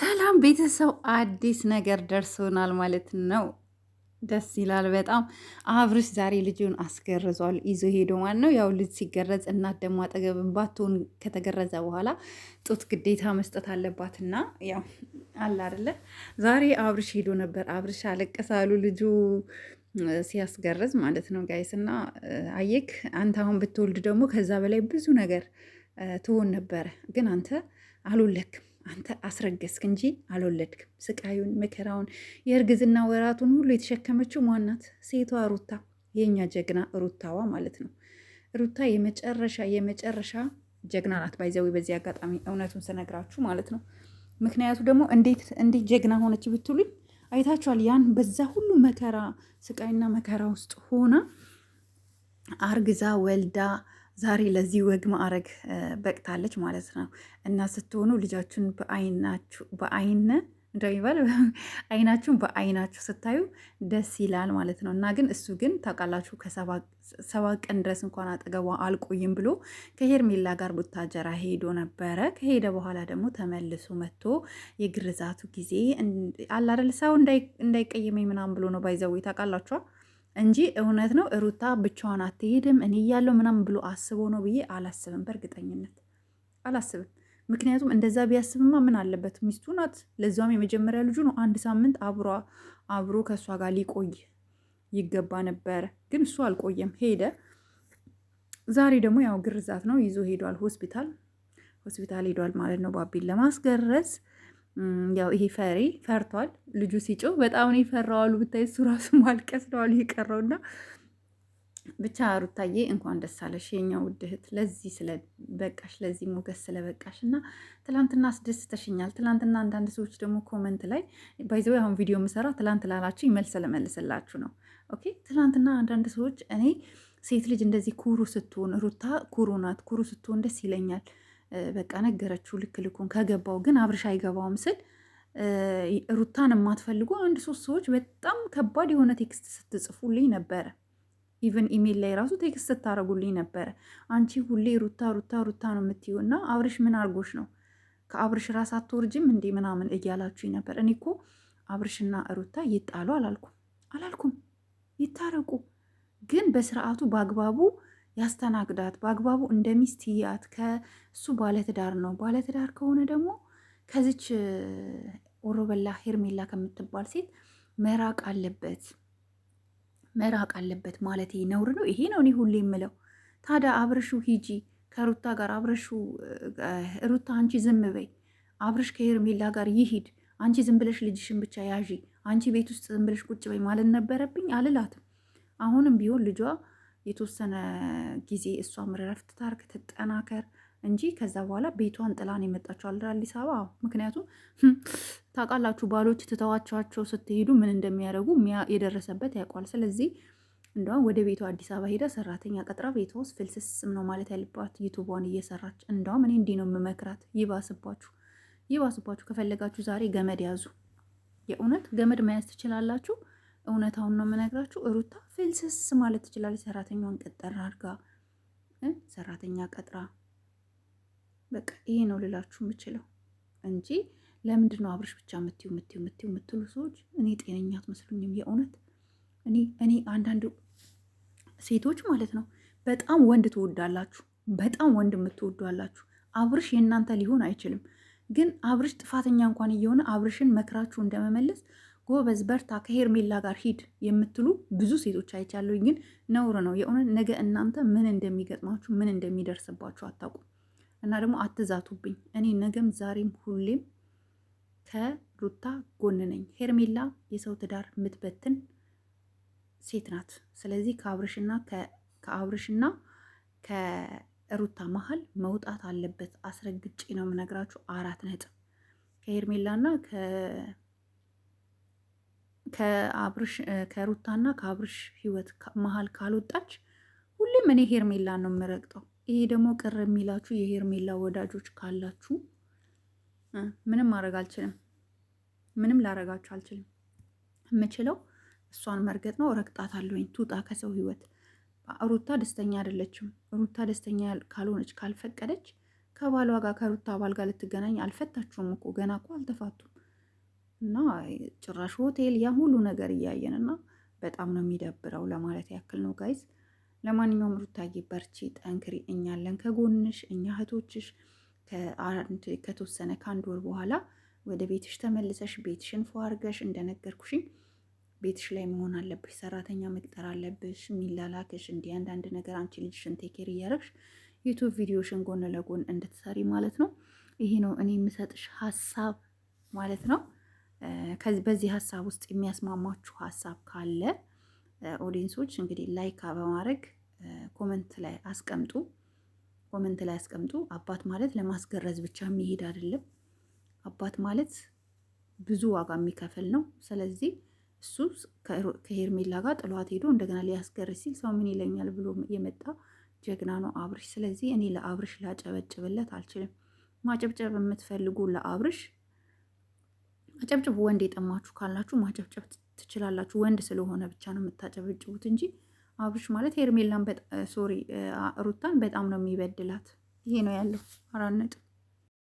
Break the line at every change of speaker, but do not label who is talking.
ሰላም ቤተሰብ፣ አዲስ ነገር ደርሶናል ማለት ነው። ደስ ይላል በጣም። አብርሽ ዛሬ ልጁን አስገርዟል ይዞ ሄዶ ማለት ነው። ያው ልጅ ሲገረዝ እናት ደግሞ አጠገብ ባትሆን ከተገረዘ በኋላ ጡት ግዴታ መስጠት አለባትና ያው አለ አይደለ። ዛሬ አብርሽ ሄዶ ነበር። አብርሽ አለቀሳሉ ልጁ ሲያስገርዝ ማለት ነው ጋይስ። እና አየክ አንተ አሁን ብትወልድ ደግሞ ከዛ በላይ ብዙ ነገር ትሆን ነበረ፣ ግን አንተ አልወለክም አንተ አስረገዝክ እንጂ አልወለድክም። ስቃዩን፣ መከራውን፣ የእርግዝና ወራቱን ሁሉ የተሸከመችው ማናት? ሴቷ ሩታ፣ የእኛ ጀግና ሩታዋ ማለት ነው። ሩታ የመጨረሻ የመጨረሻ ጀግና ናት። ባይዘዊ በዚህ አጋጣሚ እውነቱን ስነግራችሁ ማለት ነው። ምክንያቱ ደግሞ እንዴት እንዴት ጀግና ሆነች ብትሉኝ አይታችኋል። ያን በዛ ሁሉ መከራ ስቃይና መከራ ውስጥ ሆና አርግዛ ወልዳ ዛሬ ለዚህ ወግ ማዕረግ በቅታለች ማለት ነው። እና ስትሆኑ ልጃችሁን በአይነ እንደሚባል አይናችሁን በአይናችሁ ስታዩ ደስ ይላል ማለት ነው። እና ግን እሱ ግን ታውቃላችሁ ከሰባት ቀን ድረስ እንኳን አጠገቧ አልቆይም ብሎ ከሄርሜላ ጋር ቡታጀራ ሄዶ ነበረ። ከሄደ በኋላ ደግሞ ተመልሶ መጥቶ የግርዛቱ ጊዜ አላደል ሰው እንዳይቀየመኝ ምናምን ብሎ ነው ባይዘው ታውቃላችኋል እንጂ እውነት ነው ሩታ ብቻዋን አትሄድም፣ እኔ እያለው ምናምን ብሎ አስቦ ነው ብዬ አላስብም። በእርግጠኝነት አላስብም። ምክንያቱም እንደዛ ቢያስብማ ምን አለበት? ሚስቱ ናት፣ ለዛም የመጀመሪያ ልጁ ነው። አንድ ሳምንት አብሮ አብሮ ከእሷ ጋር ሊቆይ ይገባ ነበር ግን እሱ አልቆየም፣ ሄደ። ዛሬ ደግሞ ያው ግርዛት ነው ይዞ ሄዷል ሆስፒታል ሆስፒታል ሄዷል ማለት ነው ባቢን ለማስገረዝ ያው ይሄ ፈሪ ፈርቷል። ልጁ ሲጮህ በጣም ነው ይፈራዋሉ። ብታይ እሱ ራሱ ማልቀስ ነዋሉ የቀረውና ብቻ ሩታዬ እንኳን ደስ አለሽ የኛ ውድ እህት፣ ለዚህ ስለበቃሽ ለዚህ ሞገስ ስለበቃሽ እና ትላንትና አስደስተሽኛል። ትላንትና አንዳንድ ሰዎች ደግሞ ኮመንት ላይ ባይዘው አሁን ቪዲዮ ምሰራ ትላንት ላላችሁ ይመልስ ለመልስላችሁ ነው። ኦኬ ትላንትና አንዳንድ ሰዎች እኔ ሴት ልጅ እንደዚህ ኩሩ ስትሆን ሩታ ኩሩ ናት፣ ኩሩ ስትሆን ደስ ይለኛል በቃ ነገረችው ልክ ልኩን ከገባው ግን አብርሽ አይገባውም ስል ሩታን የማትፈልጉ አንድ ሶስት ሰዎች በጣም ከባድ የሆነ ቴክስት ስትጽፉልኝ ነበረ። ኢቨን ኢሜል ላይ ራሱ ቴክስት ስታደርጉልኝ ነበረ። አንቺ ሁሌ ሩታ ሩታ ሩታ ነው የምትይው እና አብርሽ ምን አርጎሽ ነው ከአብርሽ ራስ አትወርጅም እንዴ ምናምን እያላችሁኝ ነበር። እኔ እኮ አብርሽና ሩታ ይጣሉ አላልኩም አላልኩም፣ ይታረቁ ግን በስርዓቱ በአግባቡ ያስተናግዳት፣ በአግባቡ እንደ ሚስት ያት። ከእሱ ባለትዳር ነው። ባለትዳር ከሆነ ደግሞ ከዚች ኦሮበላ ሄርሜላ ከምትባል ሴት መራቅ አለበት፣ መራቅ አለበት ማለት ነውር ነው። ይሄ ነው እኔ ሁሌ የምለው። ታዲያ አብረሹ ሂጂ ከሩታ ጋር አብረሹ። ሩታ አንቺ ዝም በይ፣ አብረሽ ከሄርሜላ ጋር ይሂድ። አንቺ ዝም ብለሽ ልጅሽን ብቻ ያዢ፣ አንቺ ቤት ውስጥ ዝም ብለሽ ቁጭ በይ ማለት ነበረብኝ አልላትም። አሁንም ቢሆን ልጇ የተወሰነ ጊዜ እሷም ረፍት ታርክ ትጠናከር እንጂ ከዛ በኋላ ቤቷን ጥላን የመጣችው አለ አዲስ አበባ። ምክንያቱም ታውቃላችሁ ባሎች ትተዋቸዋቸው ስትሄዱ ምን እንደሚያደርጉ የደረሰበት ያውቋል። ስለዚህ እንደውም ወደ ቤቷ አዲስ አበባ ሄዳ ሰራተኛ ቀጥራ ቤቷ ውስጥ ፍልስስም ነው ማለት ያለባት ዩቱቧን እየሰራች እንደውም እኔ እንዲህ ነው የምመክራት። ይባስባችሁ ይባስባችሁ። ከፈለጋችሁ ዛሬ ገመድ ያዙ። የእውነት ገመድ መያዝ ትችላላችሁ። እውነታውን ነው የምነግራችሁ። ሩታ ፍልስስ ማለት ትችላለች። ሰራተኛውን ቀጠራ አድርጋ ሰራተኛ ቀጥራ በቃ ይሄ ነው ልላችሁ የምችለው እንጂ ለምንድን ነው አብርሽ ብቻ ምትዩ ምትዩ ምትዩ የምትሉ ሰዎች እኔ ጤነኛ አትመስሉኝም። የእውነት እኔ እኔ አንዳንድ ሴቶች ማለት ነው በጣም ወንድ ትወዳላችሁ፣ በጣም ወንድ የምትወዷላችሁ። አብርሽ የእናንተ ሊሆን አይችልም። ግን አብርሽ ጥፋተኛ እንኳን እየሆነ አብርሽን መክራችሁ እንደመመለስ ጎበዝ በርታ፣ ከሄርሜላ ጋር ሂድ የምትሉ ብዙ ሴቶች አይቻለሁ። ግን ነውር ነው የእውነት። ነገ እናንተ ምን እንደሚገጥማችሁ ምን እንደሚደርስባችሁ አታውቁም። እና ደግሞ አትዛቱብኝ። እኔ ነገም ዛሬም ሁሌም ከሩታ ጎን ነኝ። ሄርሜላ የሰው ትዳር የምትበትን ሴት ናት። ስለዚህ ከአብርሽና ከአብርሽና ከሩታ መሀል መውጣት አለበት። አስረግጬ ነው የምነግራችሁ። አራት ነጥብ ከሄርሜላና ከአብርሽ ከሩታና ከአብርሽ ህይወት መሀል ካልወጣች ሁሌም እኔ ሄርሜላ ነው የምረግጠው። ይሄ ደግሞ ቅር የሚላችሁ የሄርሜላ ወዳጆች ካላችሁ ምንም ማድረግ አልችልም። ምንም ላረጋችሁ አልችልም። የምችለው እሷን መርገጥ ነው። ረግጣት አለኝ። ትውጣ ከሰው ህይወት። ሩታ ደስተኛ አይደለችም። ሩታ ደስተኛ ካልሆነች ካልፈቀደች ከባሏ ጋር ከሩታ ባል ጋር ልትገናኝ አልፈታችሁም እኮ ገና እኮ አልተፋቱም። እና ጭራሽ ሆቴል ያ ሁሉ ነገር እያየን እና በጣም ነው የሚደብረው ለማለት ያክል ነው ጋይዝ። ለማንኛውም ሩታዬ በርቺ፣ ጠንክሪ፣ እኛለን ከጎንሽ፣ እኛ እህቶችሽ። ከተወሰነ ከአንድ ወር በኋላ ወደ ቤትሽ ተመልሰሽ ቤትሽን ፎ እንደነገርኩሽኝ ቤትሽ ላይ መሆን አለብሽ። ሰራተኛ መቅጠር አለብሽ፣ የሚላላክሽ እንዲህ አንዳንድ ነገር አንቺ ልጅሽን ቴኬር እያረግሽ ዩቱብ ቪዲዮሽን ጎን ለጎን እንድትሰሪ ማለት ነው። ይሄ ነው እኔ የምሰጥሽ ሀሳብ ማለት ነው። በዚህ ሀሳብ ውስጥ የሚያስማማችሁ ሀሳብ ካለ ኦዲንሶች እንግዲህ ላይክ በማድረግ ኮመንት ላይ አስቀምጡ። ኮመንት ላይ አስቀምጡ። አባት ማለት ለማስገረዝ ብቻ የሚሄድ አይደለም። አባት ማለት ብዙ ዋጋ የሚከፍል ነው። ስለዚህ እሱ ከሄርሜላ ጋር ጥሏት ሄዶ እንደገና ሊያስገርዝ ሲል ሰው ምን ይለኛል ብሎ የመጣ ጀግና ነው አብርሽ። ስለዚህ እኔ ለአብርሽ ላጨበጭብለት አልችልም። ማጨብጨብ የምትፈልጉ ለአብርሽ አጨብጭቡ። ወንድ የጠማችሁ ካላችሁ ማጨብጨብ ትችላላችሁ። ወንድ ስለሆነ ብቻ ነው የምታጨበጭቡት እንጂ አብርሽ ማለት ሄርሜላን ሶሪ ሩታን በጣም ነው የሚበድላት። ይሄ ነው ያለው አራት ነጥብ።